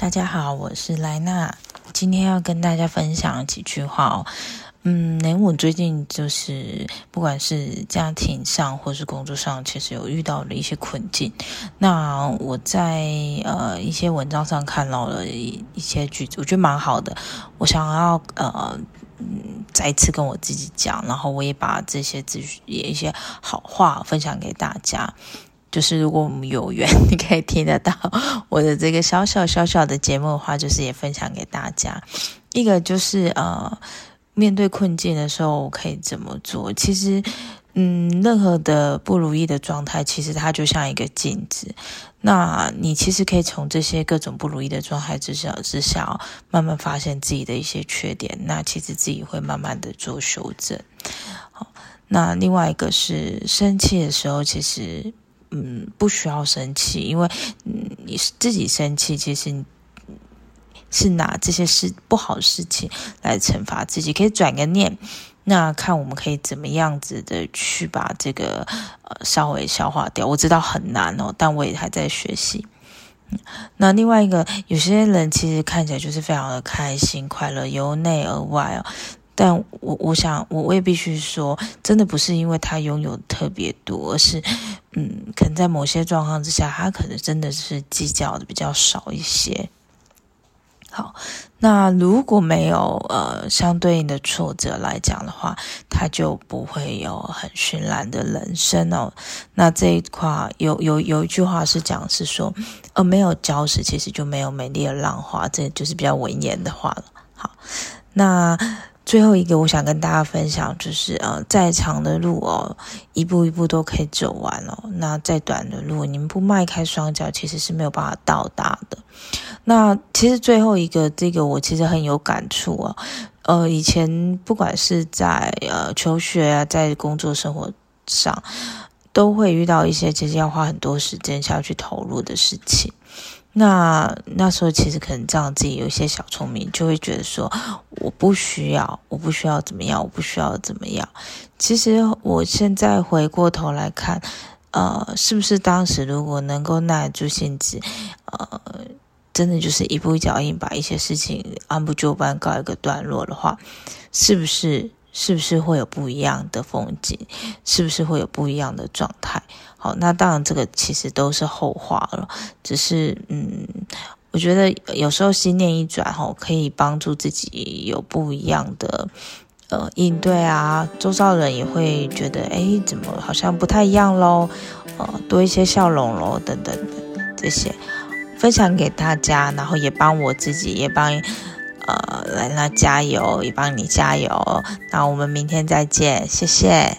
大家好，我是萊娜。今天要跟大家分享幾句話哦。嗯，欸、我最近就是不管是家庭上或是工作上，其實有遇到了一些困境。那我在呃一些文章上看到了一一些句子，我覺得蠻好的。我想要呃嗯再一次跟我自己講，然後我也把這些資訊也一些好話分享給大家。就是如果我們有緣，你可以聽得到我的這個小小小小的節目的話，就是也分享給大家。一個就是呃，面對困境的時候，我可以怎麼做？其實，嗯，任何的不如意的狀態，其實它就像一個鏡子。那你其實可以從這些各種不如意的狀態之下之下，慢慢發現自己的一些缺點。那其實自己會慢慢的做修正。好，那另外一個是生氣的時候，其實。嗯，不需要生氣，因為，嗯，你是自己生氣，其實是拿這些事不好的事情來懲罰自己，可以轉個念，那看我們可以怎麼樣子的去把這個呃稍微消化掉。我知道很難哦，但我也還在學習。那另外一個，有些人其實看起來就是非常的開心快樂，由內而外哦。但我，我想，我也必須說，真的不是因為他擁有特別多，而是，嗯，可能在某些狀況之下，他可能真的是計較的比較少一些。好，那如果沒有呃相對應的挫折來講的話，他就不會有很絢爛的人生哦。那這一塊有有有一句話是講是說，呃，沒有礁石，其實就沒有美麗的浪花，這就是比較文言的話了。好，那。最後一個，我想跟大家分享，就是呃，再長的路哦，一步一步都可以走完哦。那再短的路，你們不邁開雙腳，其實是沒有辦法到達的。那其實最後一個，這個我其實很有感觸哦。呃，以前不管是在呃求學啊，在工作生活上。都會遇到一些其實要花很多時間下去投入的事情，那那時候其實可能仗自己有一些小聰明，就會覺得說我不需要，我不需要怎麼樣，我不需要怎麼樣。其實我現在回過頭來看，呃，是不是當時如果能夠耐得住性子，呃，真的就是一步一腳印，把一些事情按部就班告一個段落的話，是不是？是不是會有不一樣的風景？是不是會有不一樣的狀態？好，那當然這個其實都是後話了。只是嗯，我覺得有時候心念一轉吼、哦，可以幫助自己有不一樣的呃應對啊。周遭人也會覺得哎，怎麼好像不太一樣嘍？呃，多一些笑容咯等等，等，等這些分享給大家，然後也幫我自己，也幫。呃，萊娜加油，也幫你加油。那我們明天再見，謝謝。